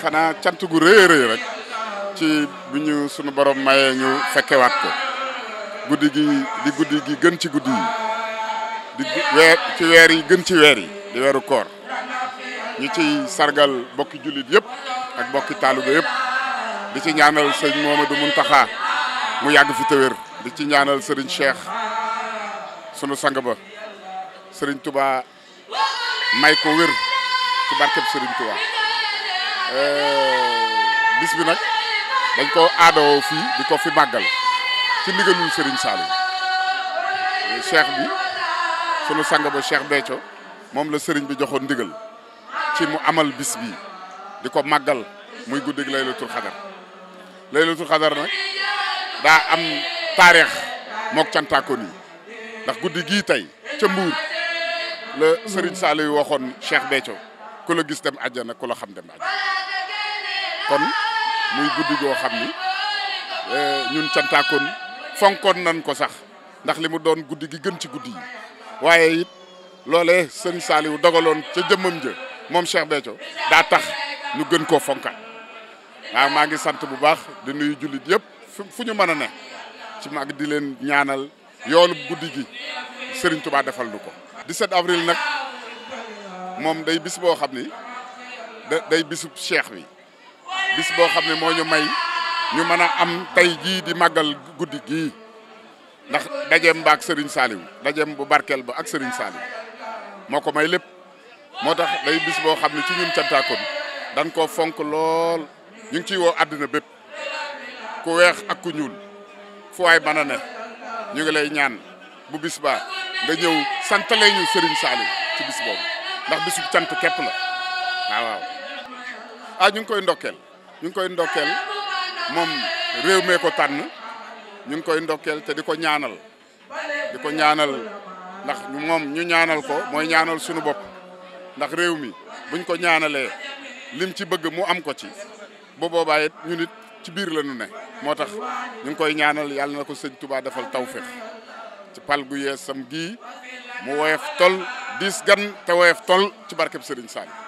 xanaa cant gu rëy rëy ci bu ñu sunu borom mayee ñu fekkewaat ko guddi gi gën ci guddi yi di weer ci weer yi gën ci weer yi di weeru koor ñu ciy sargal bokki jullit yépp ak bokki taaluga yëpp di ci ñaanal sëñ Momadou Muntaxa mu yàgg fi te wér di ci ñaanal sëriñ Cheikh sunu sang ba sëriñ Touba. may ko wér ci barkeb Serigne Touba euh, bis bi nag dañ ko aadawoo fii di ko fi màggal ci ndigalul sëriñ Saliou cheikh bi sunu sang ba Cheikh Béthio moom la sëriñ bi joxoon ndigal ci mu amal bis bi di ko màggal muy guddig laylatul xadar laylatul xadar nag daa am taarix mook cantaakoon yi ndax guddi gii tey ca Mbuur la Serigne Saliou yu waxoon Cheikh Béthio ku la gis dem àjjana ku la xam dem àjjana kon muy guddi goo xam ni eh, ñun cantaakoon fonkoon nañ ko sax ndax li mu doon guddi gi gën ci guddi yi waaye it loolee Serigne Saliou dogaloon ca jëmmam ja moom Cheikh Béthio daa tax ñu gën ko fonkaat waaw maa ngi sant bu baax di nuyu jullit yëpp fu ñu mën a ci mag di leen ñaanal yoolu guddi gi Serigne Touba defal nu ko 17 avril nak mom day bis bo xamni day bisub cheikh bi bis bo xamni mo ñu may ñu mëna am tay jii di magal guddi gi ndax dajeem ba ak Serigne salim dajeem bu barkel ba ak Serigne salim moko may lepp motax day bis bo xamni ci ñun cantaakoon dañ ko fonk lol ñu ci wo aduna bepp ku wex ak ku ñuul fu way banane ñu ngi lay ñaan bu bis nga ñëw santalee ñu Serigne Saliou ci bis boobu ndax bisu cant képp la waaw a ah ñu ngi koy ndokkeel ñu ngi koy ndokkeel moom réew me ko tànn ñu ngi koy ndokkeel te di ko ñaanal di ko ñaanal ndax moom ñu ñaanal ko mooy ñaanal suñu bopp ndax réew mi buñ ko ñaanalee lim ci bëgg mu am ko ci bu boobaa it ñu ci biir la ñu ne moo tax ñu ngi koy ñaanal yàlla na ko sëñ Touba defal tawféex ci pal gu sam gii mu woyof tol diis gan te woyof tol ci barkeb Serigne Saliou